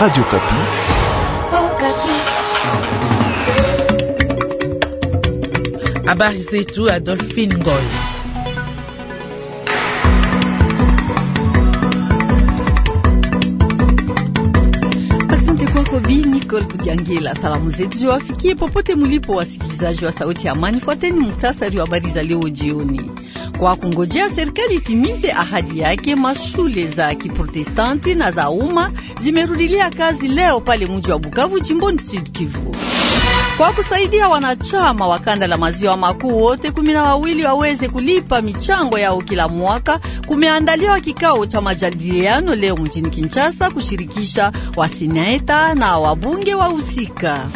Radio Okapi. Habari zetu Adolphine Ngoy. Asante kwako Bi Nicole Kudiangela. Salamu zetu ziwafikie popote mulipo, wasikilizaji wa Sauti ya Amani. Fuateni muhtasari wa habari za leo jioni kwa kungojea serikali itimize ahadi yake. Mashule za Kiprotestanti na za umma zimerudilia kazi leo pale mji wa Bukavu jimboni Sud Kivu kwa kusaidia wanachama wa kanda la maziwa makuu wote kumi na wawili waweze kulipa michango yao kila mwaka. Kumeandaliwa kikao cha majadiliano leo mjini Kinshasa kushirikisha wasineta na wabunge wa husika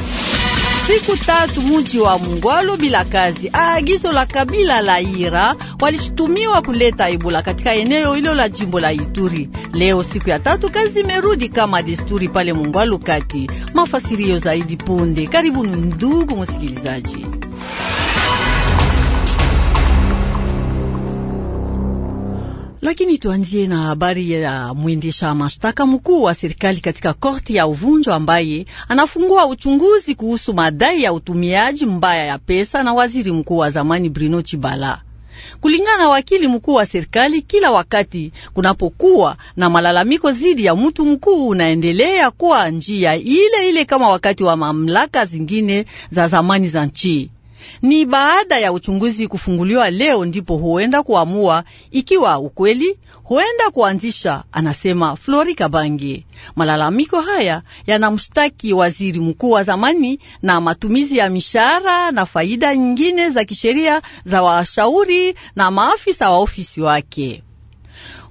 siku tatu muji wa Mungwalu bila kazi. Agizo la kabila la Ira walishutumiwa kuleta ibula katika eneo hilo la jimbo la Ituri. Leo siku ya tatu kazi imerudi kama desturi pale Mungwalu kati. Mafasirio zaidi punde. Karibu ndugu msikilizaji. Lakini tuanzie na habari ya mwendesha mashtaka mkuu wa serikali katika korti ya Uvunjo ambaye anafungua uchunguzi kuhusu madai ya utumiaji mbaya ya pesa na waziri mkuu wa zamani Bruno Chibala. Kulingana na wakili mkuu wa serikali, kila wakati kunapokuwa na malalamiko dhidi ya mtu mkuu, unaendelea kuwa njia ile ile kama wakati wa mamlaka zingine za zamani za nchi. Ni baada ya uchunguzi kufunguliwa leo ndipo huenda kuamua ikiwa ukweli huenda kuanzisha, anasema Flori Kabange. Malalamiko haya yanamshtaki waziri mkuu wa zamani na matumizi ya mishahara na faida nyingine za kisheria za washauri na maafisa wa ofisi wake.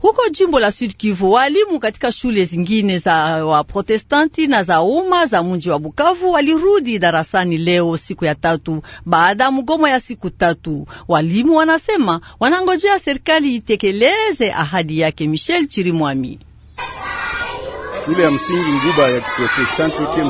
Huko jimbo la Sud Kivu, walimu katika shule zingine za Waprotestanti na za umma za mji wa Bukavu walirudi darasani leo siku ya tatu baada ya mgomo ya siku tatu. Walimu wanasema wanangojea serikali itekeleze ahadi yake. Michel Chirimwami. Shule ya msingi Nguba ya Kiprotestanti UTM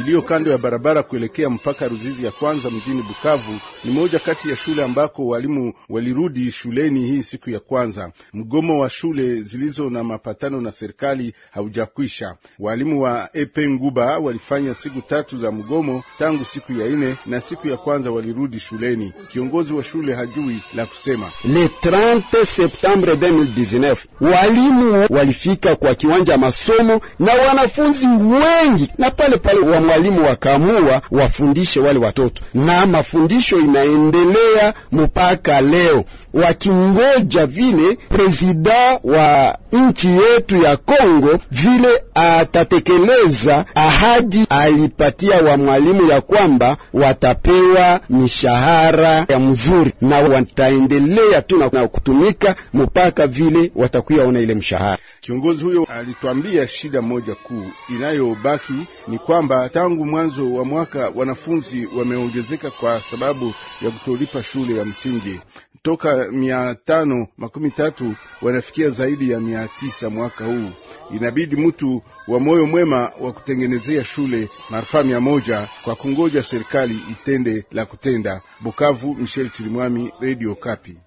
iliyo kando ya barabara kuelekea mpaka Ruzizi ya kwanza mjini Bukavu ni moja kati ya shule ambako walimu walirudi shuleni hii siku ya kwanza. Mgomo wa shule zilizo na mapatano na serikali haujakwisha. Walimu wa Epe Nguba walifanya siku tatu za mgomo tangu siku ya ine, na siku ya kwanza walirudi shuleni. Kiongozi wa shule hajui la kusema. Le 30 Septembre 2019 walimu walifika kwa kiwanja masomo na wanafunzi wengi na pale pale wa mwalimu wakaamua wafundishe wale watoto, na mafundisho inaendelea mpaka leo, wakingoja vile prezida wa nchi yetu ya Kongo vile atatekeleza ahadi alipatia wa mwalimu ya kwamba watapewa mishahara ya mzuri na wataendelea tu na kutumika mpaka vile watakuwa ona ile mshahara. Kiongozi huyo alituambia shida moja kuu inayobaki ni kwamba tangu mwanzo wa mwaka wanafunzi wameongezeka kwa sababu ya kutolipa shule ya msingi toka mia tano makumi tatu wanafikia zaidi ya mia tisa mwaka huu. Inabidi mtu wa moyo mwema wa kutengenezea shule marfa mia moja kwa kungoja serikali itende la kutenda. Bukavu, Michel Silimwami, Radio Kapi.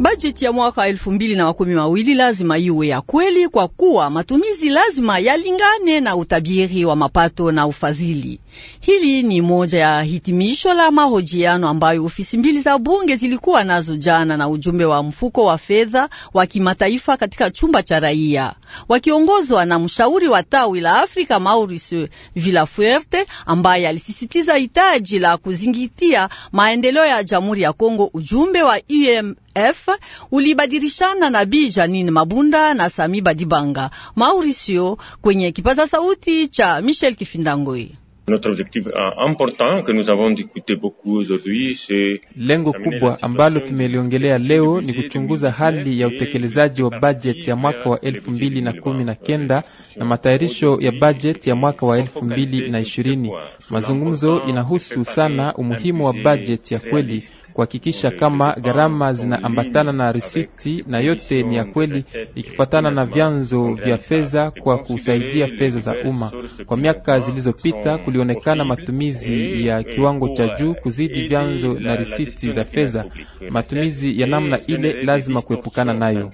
Bajeti ya mwaka elfu mbili na makumi mawili lazima iwe ya kweli kwa kuwa matumizi lazima yalingane na utabiri wa mapato na ufadhili. Hili ni moja ya hitimisho la mahojiano ambayo ofisi mbili za bunge zilikuwa nazo jana na ujumbe wa mfuko wa fedha wa kimataifa katika chumba cha raia, wakiongozwa na mshauri wa tawi la Afrika Maurice Villafuerte, ambaye alisisitiza hitaji la kuzingitia maendeleo ya Jamhuri ya Kongo. Ujumbe wa UM F ulibadilishana na Bi Janine Mabunda na Sami Badibanga. Mauricio kwenye kipaza sauti cha Michel Kifindangoi. Euh, Lengo kubwa ambalo tumeliongelea leo ni kuchunguza hali ya utekelezaji wa bajeti ya mwaka wa elfu mbili na kumi na kenda na matayarisho ya bajeti ya mwaka wa elfu mbili na ishirini. Mazungumzo inahusu sana umuhimu wa bajeti ya kweli kuhakikisha kama gharama zinaambatana na risiti na yote ni ya kweli, eh, eh, ikifuatana na eh, vyanzo vya fedha kwa kusaidia fedha za umma. Kwa miaka zilizopita, kulionekana matumizi ya kiwango cha juu kuzidi vyanzo na risiti za fedha. Matumizi ya namna ile lazima kuepukana nayo.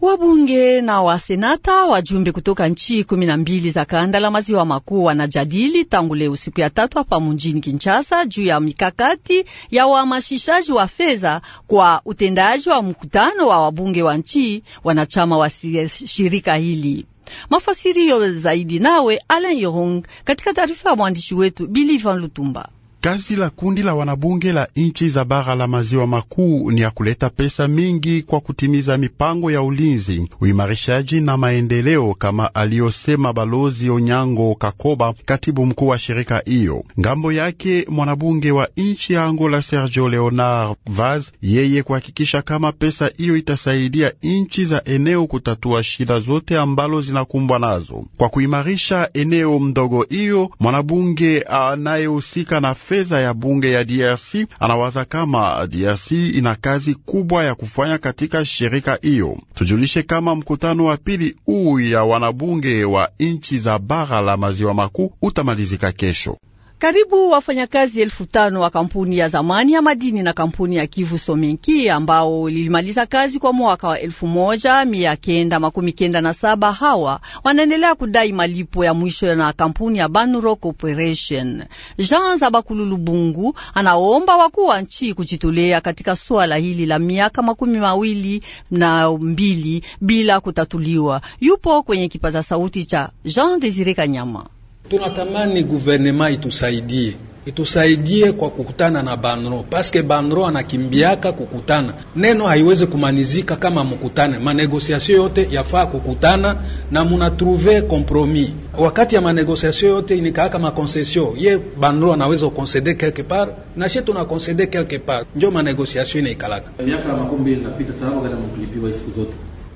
Wabunge na wasenata wajumbe kutoka nchi kumi na mbili za kanda la maziwa makuu wanajadili tangu leo siku ya tatu hapa mjini Kinshasa juu ya mikakati ya uhamasishaji wa fedha kwa utendaji wa mkutano wa wabunge wa nchi wanachama wa shirika hili. Mafasirio zaidi nawe Alan Yorong katika taarifa ya mwandishi wetu Bilivan Lutumba. Kazi la kundi la wanabunge la nchi za bara la maziwa makuu ni ya kuleta pesa mingi kwa kutimiza mipango ya ulinzi, uimarishaji na maendeleo, kama aliyosema Balozi Onyango Kakoba, katibu mkuu wa shirika hiyo. Ngambo yake mwanabunge wa nchi ya Angola Sergio Leonard Vaz, yeye kuhakikisha kama pesa hiyo itasaidia nchi za eneo kutatua shida zote ambalo zinakumbwa nazo kwa kuimarisha eneo mdogo hiyo. Mwanabunge anayehusika na fedha ya bunge ya DRC anawaza kama DRC ina kazi kubwa ya kufanya katika shirika hiyo. Tujulishe kama mkutano wa pili huu ya wanabunge wa nchi za bara la maziwa makuu utamalizika kesho. Karibu wafanyakazi elfu tano wa kampuni ya zamani ya madini na kampuni ya Kivu Sominki ambao lilimaliza kazi kwa mwaka wa elfu moja mia kenda makumi kenda na saba hawa wanaendelea kudai malipo ya mwisho na kampuni ya Banrock operation Jean Zabakulu Lubungu anaomba wakuu wa nchi kujitolea katika swala hili la miaka makumi mawili na mbili bila kutatuliwa. Yupo kwenye kipaza sauti cha Jean Desire Kanyama. Tunatamani guvernema itusaidie itusaidie kwa kukutana na Banro paske Banro anakimbiaka kukutana, neno haiwezi kumanizika kama mukutane. Manegosiasio yote yafaa kukutana na munatruve kompromis. Wakati ya manegosiasio yote inikaaka makonsesio, ye Banro anaweza ukonsede kelke part na she tunakonsede kelke part, njo manegosiasio inaikalaka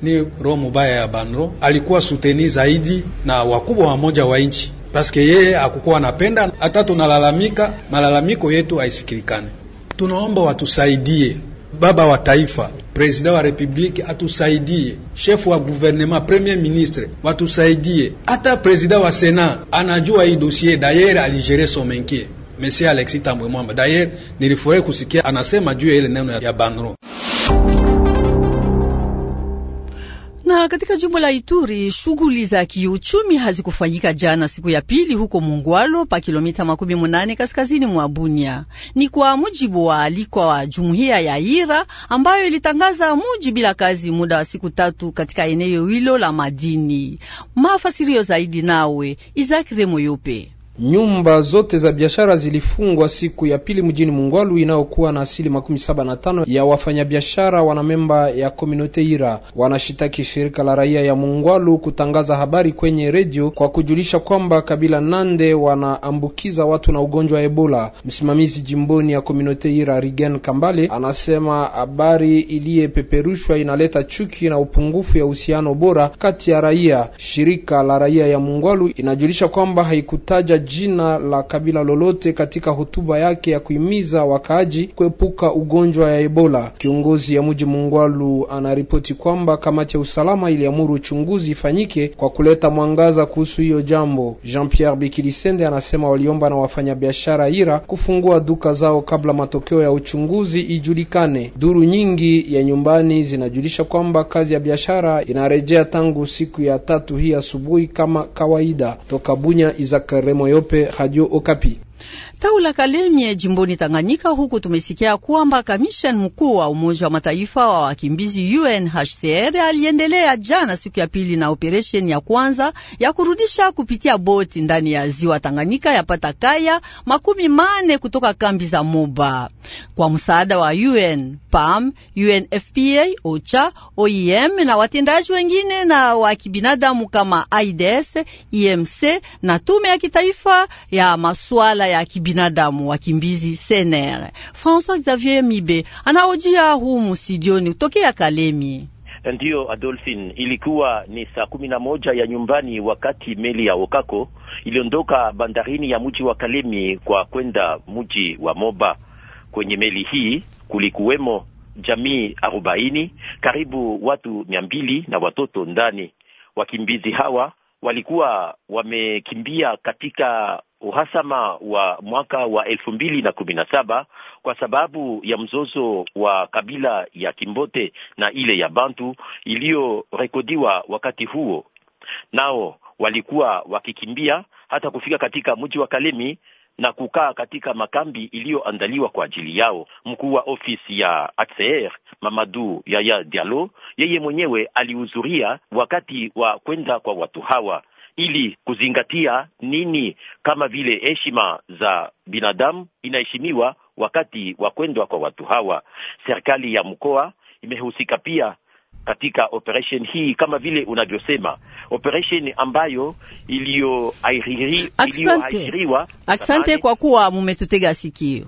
ni roho mubaya ya Banro. Alikuwa suteni zaidi na wakubwa wa moja wa nchi paske yeye akukuwa napenda Hata tunalalamika, malalamiko yetu haisikilikane. Tunaomba watusaidie, baba wa taifa, president wa republiki atusaidie, chef wa guvernema, premier ministre watusaidie, hata president wa sena anajua hii dossier. Dayere aligere somenkie Monsieur Alexis Tambwe Mwamba. Dayere nilifurahi kusikia anasema juu ya ile neno ya banro na katika jimbo la Ituri shughuli za kiuchumi hazikufanyika jana siku ya pili huko Mungwalo pa kilomita makumi munane kaskazini mwa Bunia. Ni kwa mujibu wa alikwa wa jumuiya ya Ira ambayo ilitangaza muji bila kazi muda wa siku tatu katika eneo hilo la madini. Mafasirio zaidi nawe Isaac Remoyope. Nyumba zote za biashara zilifungwa siku ya pili mjini Mungwalu inayokuwa na asili makumi saba na tano ya wafanyabiashara wanamemba ya kominote Ira. Wanashitaki shirika la raia ya Mungwalu kutangaza habari kwenye redio kwa kujulisha kwamba kabila Nande wanaambukiza watu na ugonjwa wa Ebola. Msimamizi jimboni ya komunote Ira Rigen Kambale anasema habari iliyepeperushwa inaleta chuki na upungufu ya uhusiano bora kati ya raia. Shirika la raia ya Mungwalu inajulisha kwamba haikutaja jina la kabila lolote katika hotuba yake ya kuhimiza wakaaji kuepuka ugonjwa ya Ebola. Kiongozi ya mji Mungwalu anaripoti kwamba kamati ya usalama iliamuru uchunguzi ifanyike kwa kuleta mwangaza kuhusu hiyo jambo. Jean Pierre Bikilisende anasema waliomba na wafanyabiashara ira kufungua duka zao kabla matokeo ya uchunguzi ijulikane. Duru nyingi ya nyumbani zinajulisha kwamba kazi ya biashara inarejea tangu siku ya tatu hii asubuhi kama kawaida. Toka Bunya, Izakaremo. meupe Radio Okapi. tau la Kalemie jimboni Tanganyika. Huku tumesikia kwamba kamisheni mkuu wa Umoja wa Mataifa wa wakimbizi UNHCR aliendelea jana siku ya pili na operesheni ya kwanza ya kurudisha kupitia boti ndani ya ziwa Tanganyika yapata kaya makumi mane kutoka kambi za Moba kwa msaada wa UN PAM, UNFPA, OCHA, OIM na watendaji wengine na wa kibinadamu kama IDS, IMC na tume ya kitaifa ya masuala ya kibinadamu binadamu wakimbizi CNR. François Xavier Mibe anaojia humu studioni kutokea Kalemi. Ndiyo, Adolphine, ilikuwa ni saa kumi na moja ya nyumbani wakati meli ya Okako iliondoka bandarini ya mji wa Kalemi kwa kwenda mji wa Moba. Kwenye meli hii kulikuwemo jamii arobaini, karibu watu mia mbili na watoto ndani. Wakimbizi hawa walikuwa wamekimbia katika uhasama wa mwaka wa elfu mbili na kumi na saba kwa sababu ya mzozo wa kabila ya Kimbote na ile ya Bantu iliyorekodiwa wakati huo. Nao walikuwa wakikimbia hata kufika katika mji wa Kalemi na kukaa katika makambi iliyoandaliwa kwa ajili yao. Mkuu wa ofisi ya ACR Mamadu Yaya Diallo, yeye mwenyewe alihudhuria wakati wa kwenda kwa watu hawa ili kuzingatia nini, kama vile heshima za binadamu inaheshimiwa wakati wa kwendwa kwa watu hawa. Serikali ya mkoa imehusika pia katika operation hii kama vile unavyosema operation ambayo iliyoahiriwa. Asante kwa kuwa mumetutega sikio.